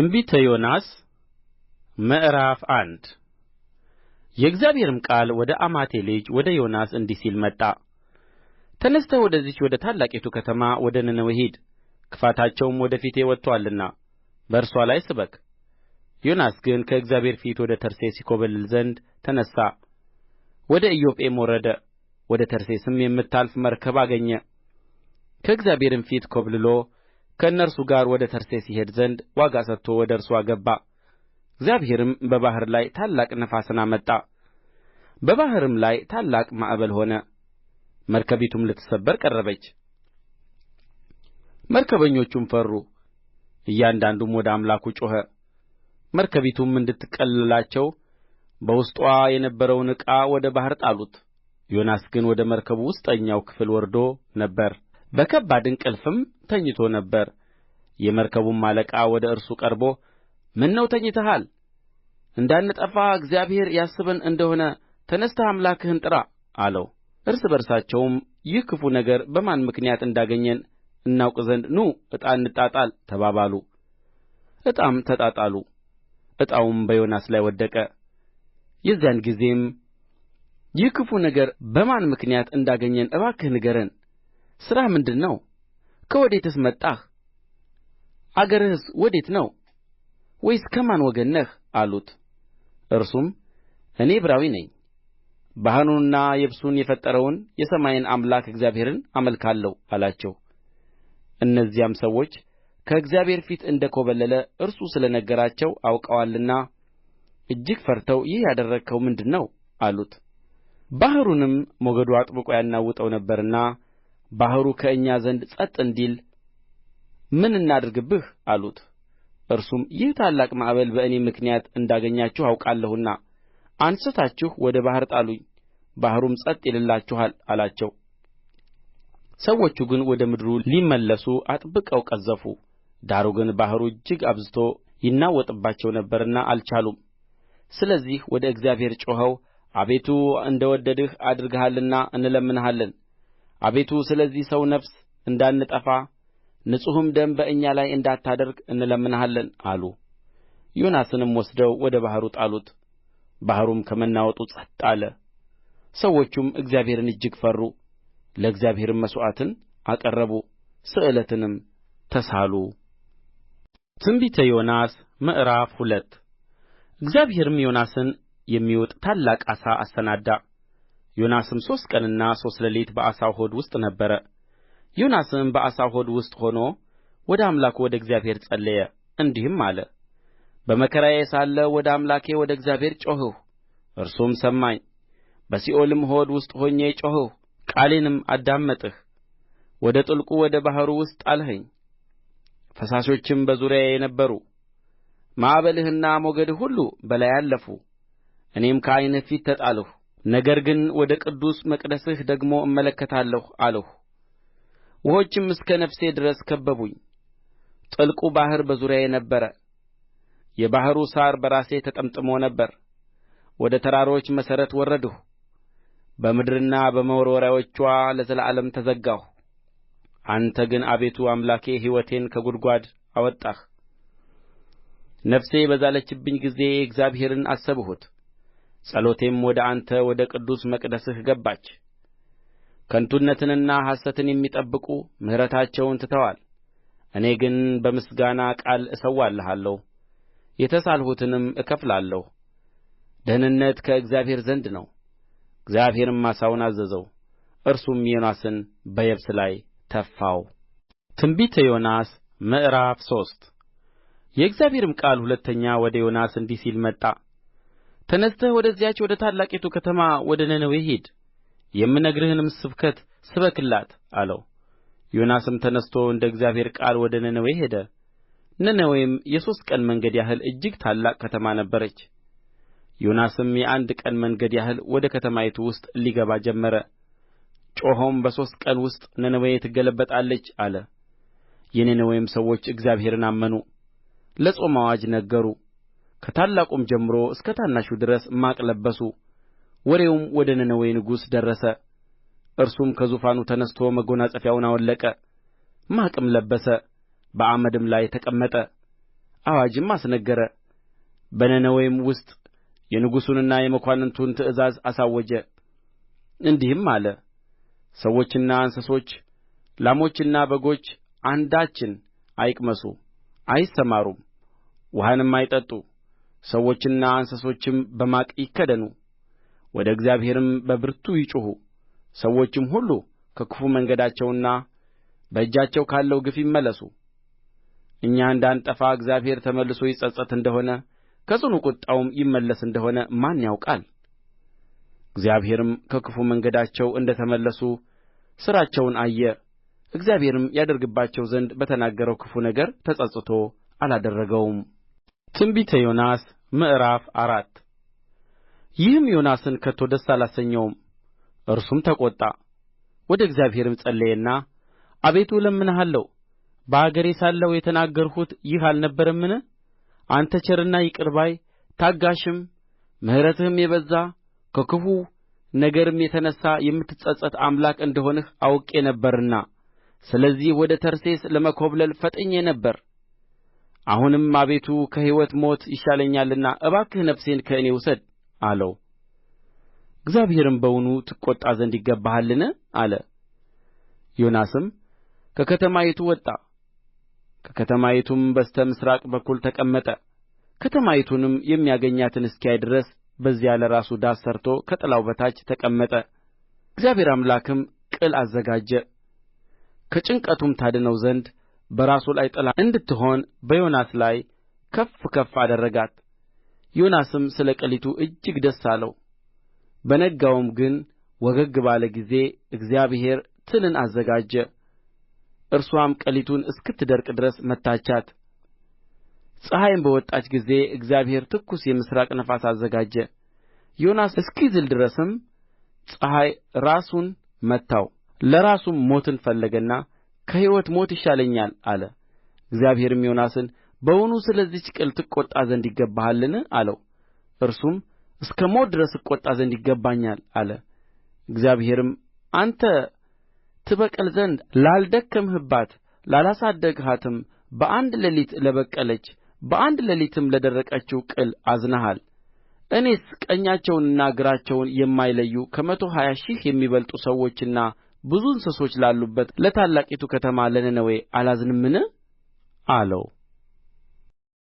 ትንቢተ ዮናስ ምዕራፍ አንድ የእግዚአብሔርም ቃል ወደ አማቴ ልጅ ወደ ዮናስ እንዲህ ሲል መጣ ተነሥተህ ወደዚህች ወደ ታላቂቱ ከተማ ወደ ነነዌ ሂድ ክፋታቸውም ወደ ፊቴ ወጥቶአልና በእርስዋ ላይ ስበክ ዮናስ ግን ከእግዚአብሔር ፊት ወደ ተርሴስ ይኰበልል ዘንድ ተነሣ ወደ ኢዮጴም ወረደ ወደ ተርሴስም የምታልፍ መርከብ አገኘ ከእግዚአብሔርም ፊት ኰብልሎ ከእነርሱ ጋር ወደ ተርሴስ ይሄድ ዘንድ ዋጋ ሰጥቶ ወደ እርስዋ ገባ እግዚአብሔርም በባሕር ላይ ታላቅ ነፋስን አመጣ በባሕርም ላይ ታላቅ ማዕበል ሆነ መርከቢቱም ልትሰበር ቀረበች መርከበኞቹም ፈሩ እያንዳንዱም ወደ አምላኩ ጮኸ መርከቢቱም እንድትቀልላቸው በውስጧ የነበረውን ዕቃ ወደ ባሕር ጣሉት ዮናስ ግን ወደ መርከቡ ውስጠኛው ክፍል ወርዶ ነበር በከባድ እንቅልፍም ተኝቶ ነበር የመርከቡም አለቃ ወደ እርሱ ቀርቦ ምነው ተኝተሃል እንዳንጠፋ እግዚአብሔር ያስበን እንደሆነ ተነሥተህ አምላክህን ጥራ አለው እርስ በርሳቸውም ይህ ክፉ ነገር በማን ምክንያት እንዳገኘን እናውቅ ዘንድ ኑ ዕጣ እንጣጣል ተባባሉ ዕጣም ተጣጣሉ ዕጣውም በዮናስ ላይ ወደቀ የዚያን ጊዜም ይህ ክፉ ነገር በማን ምክንያት እንዳገኘን እባክህ ንገረን ሥራህ ምንድር ነው ከወዴትስ መጣህ አገርህስ ወዴት ነው ወይስ ከማን ወገን ነህ አሉት እርሱም እኔ ዕብራዊ ነኝ ባሕሩንና የብሱን የፈጠረውን የሰማይን አምላክ እግዚአብሔርን አመልካለሁ አላቸው እነዚያም ሰዎች ከእግዚአብሔር ፊት እንደ ኰበለለ እርሱ ስለ ነገራቸው አውቀዋልና እጅግ ፈርተው ይህ ያደረግኸው ምንድር ነው አሉት ባሕሩንም ሞገዱ አጥብቆ ያናውጠው ነበርና ባሕሩ ከእኛ ዘንድ ጸጥ እንዲል ምን እናድርግብህ አሉት እርሱም ይህ ታላቅ ማዕበል በእኔ ምክንያት እንዳገኛችሁ አውቃለሁና አንሥታችሁ ወደ ባሕር ጣሉኝ ባሕሩም ጸጥ ይልላችኋል አላቸው ሰዎቹ ግን ወደ ምድሩ ሊመለሱ አጥብቀው ቀዘፉ ዳሩ ግን ባሕሩ እጅግ አብዝቶ ይናወጥባቸው ነበርና አልቻሉም ስለዚህ ወደ እግዚአብሔር ጮኸው አቤቱ እንደ ወደድህ አድርገሃልና እንለምንሃለን አቤቱ ስለዚህ ሰው ነፍስ እንዳንጠፋ ንጹሕም ደም በእኛ ላይ እንዳታደርግ እንለምንሃለን አሉ ዮናስንም ወስደው ወደ ባሕሩ ጣሉት ባሕሩም ከመናወጡ ጸጥ አለ ሰዎቹም እግዚአብሔርን እጅግ ፈሩ ለእግዚአብሔርም መሥዋዕትን አቀረቡ ስእለትንም ተሳሉ ትንቢተ ዮናስ ምዕራፍ ሁለት እግዚአብሔርም ዮናስን የሚውጥ ታላቅ ዓሣ አሰናዳ ዮናስም ሦስት ቀንና ሦስት ሌሊት በዓሣው ሆድ ውስጥ ነበረ ዮናስም በዓሣው ሆድ ውስጥ ሆኖ ወደ አምላኩ ወደ እግዚአብሔር ጸለየ እንዲህም አለ በመከራዬ ሳለሁ ወደ አምላኬ ወደ እግዚአብሔር ጮኽሁ እርሱም ሰማኝ በሲኦልም ሆድ ውስጥ ሆኜ ጮኽሁ ቃሌንም አዳመጥህ ወደ ጥልቁ ወደ ባሕሩ ውስጥ ጣልኸኝ ፈሳሾችም በዙሪያዬ ነበሩ ማዕበልህና ሞገድህ ሁሉ በላዬ አለፉ እኔም ከዓይንህ ፊት ተጣልሁ ነገር ግን ወደ ቅዱስ መቅደስህ ደግሞ እመለከታለሁ አልሁ ውኆችም እስከ ነፍሴ ድረስ ከበቡኝ ጥልቁ ባሕር በዙሪያዬ ነበረ የባሕሩ ሣር በራሴ ተጠምጥሞ ነበር ወደ ተራሮች መሠረት ወረድሁ በምድርና በመወርወሪያዎችዋ ለዘላለም ተዘጋሁ አንተ ግን አቤቱ አምላኬ ሕይወቴን ከጕድጓድ አወጣህ ነፍሴ በዛለችብኝ ጊዜ እግዚአብሔርን አሰብሁት ጸሎቴም ወደ አንተ ወደ ቅዱስ መቅደስህ ገባች ከንቱነትንና ሐሰትን የሚጠብቁ ምሕረታቸውን ትተዋል እኔ ግን በምስጋና ቃል እሠዋልሃለሁ የተሳልሁትንም እከፍላለሁ ደኅንነት ከእግዚአብሔር ዘንድ ነው እግዚአብሔርም ዓሣውን አዘዘው እርሱም ዮናስን በየብስ ላይ ተፋው። ትንቢተ ዮናስ ምዕራፍ ሶስት የእግዚአብሔርም ቃል ሁለተኛ ወደ ዮናስ እንዲህ ሲል መጣ ተነሥተህ ወደዚያች ወደ ታላቂቱ ከተማ ወደ ነነዌ ሂድ የምነግርህንም ስብከት ስበክላት አለው ዮናስም ተነሥቶ እንደ እግዚአብሔር ቃል ወደ ነነዌ ሄደ ነነዌም የሦስት ቀን መንገድ ያህል እጅግ ታላቅ ከተማ ነበረች ዮናስም የአንድ ቀን መንገድ ያህል ወደ ከተማይቱ ውስጥ ሊገባ ጀመረ ጮኾም በሦስት ቀን ውስጥ ነነዌ ትገለበጣለች አለ የነነዌም ሰዎች እግዚአብሔርን አመኑ ለጾም አዋጅ ነገሩ ከታላቁም ጀምሮ እስከ ታናሹ ድረስ ማቅ ለበሱ ወሬውም ወደ ነነዌ ንጉሥ ደረሰ እርሱም ከዙፋኑ ተነሥቶ መጐናጸፊያውን አወለቀ ማቅም ለበሰ በአመድም ላይ ተቀመጠ አዋጅም አስነገረ በነነዌም ውስጥ የንጉሡንና የመኳንንቱን ትእዛዝ አሳወጀ እንዲህም አለ ሰዎችና እንስሶች ላሞችና በጎች አንዳችን አይቅመሱ አይሰማሩም ውኃንም አይጠጡ ሰዎችና እንስሶችም በማቅ ይከደኑ ወደ እግዚአብሔርም በብርቱ ይጩኹ ሰዎችም ሁሉ ከክፉ መንገዳቸውና በእጃቸው ካለው ግፍ ይመለሱ እኛ እንዳንጠፋ እግዚአብሔር ተመልሶ ይጸጸት እንደ ሆነ ከጽኑ ቍጣውም ይመለስ እንደ ሆነ ማን ያውቃል እግዚአብሔርም ከክፉ መንገዳቸው እንደ ተመለሱ ሥራቸውን አየ እግዚአብሔርም ያደርግባቸው ዘንድ በተናገረው ክፉ ነገር ተጸጽቶ አላደረገውም ትንቢተ ዮናስ ምዕራፍ አራት ይህም ዮናስን ከቶ ደስ አላሰኘውም። እርሱም ተቈጣ፣ ወደ እግዚአብሔርም ጸለየና አቤቱ እለምንሃለሁ፣ በአገሬ ሳለሁ የተናገርሁት ይህ አልነበረምን? አንተ ቸርና ይቅር ባይ ታጋሽም፣ ምሕረትህም የበዛ ከክፉ ነገርም የተነሣ የምትጸጸት አምላክ እንደሆንህ አውቄ ነበርና ስለዚህ ወደ ተርሴስ ለመኰብለል ፈጥኜ ነበር። አሁንም አቤቱ ከሕይወት ሞት ይሻለኛልና እባክህ ነፍሴን ከእኔ ውሰድ አለው እግዚአብሔርም በውኑ ትቈጣ ዘንድ ይገባሃልን አለ ዮናስም ከከተማይቱ ወጣ ከከተማይቱም በስተ ምሥራቅ በኩል ተቀመጠ ከተማይቱንም የሚያገኛትን እስኪያይ ድረስ በዚያ ለራሱ ዳስ ሠርቶ ከጥላው በታች ተቀመጠ እግዚአብሔር አምላክም ቅል አዘጋጀ ከጭንቀቱም ታድነው ዘንድ በራሱ ላይ ጥላ እንድትሆን በዮናስ ላይ ከፍ ከፍ አደረጋት ዮናስም ስለ ቅሊቱ እጅግ ደስ አለው በነጋውም ግን ወገግ ባለ ጊዜ እግዚአብሔር ትልን አዘጋጀ እርስዋም ቅሊቱን እስክትደርቅ ድረስ መታቻት ፀሐይም በወጣች ጊዜ እግዚአብሔር ትኩስ የምሥራቅ ነፋስ አዘጋጀ ዮናስ እስኪዝል ድረስም ፀሐይ ራሱን መታው ለራሱም ሞትን ፈለገና ከሕይወት ሞት ይሻለኛል አለ እግዚአብሔርም ዮናስን በውኑ ስለዚች ቅል ትቈጣ ዘንድ ይገባሃልን አለው እርሱም እስከ ሞት ድረስ እቈጣ ዘንድ ይገባኛል አለ እግዚአብሔርም አንተ ትበቅል ዘንድ ላልደከምህባት ላላሳደግሃትም በአንድ ሌሊት ለበቀለች በአንድ ሌሊትም ለደረቀችው ቅል አዝነሃል እኔስ ቀኛቸውንና ግራቸውን የማይለዩ ከመቶ ሀያ ሺህ የሚበልጡ ሰዎችና ብዙ እንስሶች ላሉባት ለታላቂቱ ከተማ ለነነዌ አላዝንምን አለው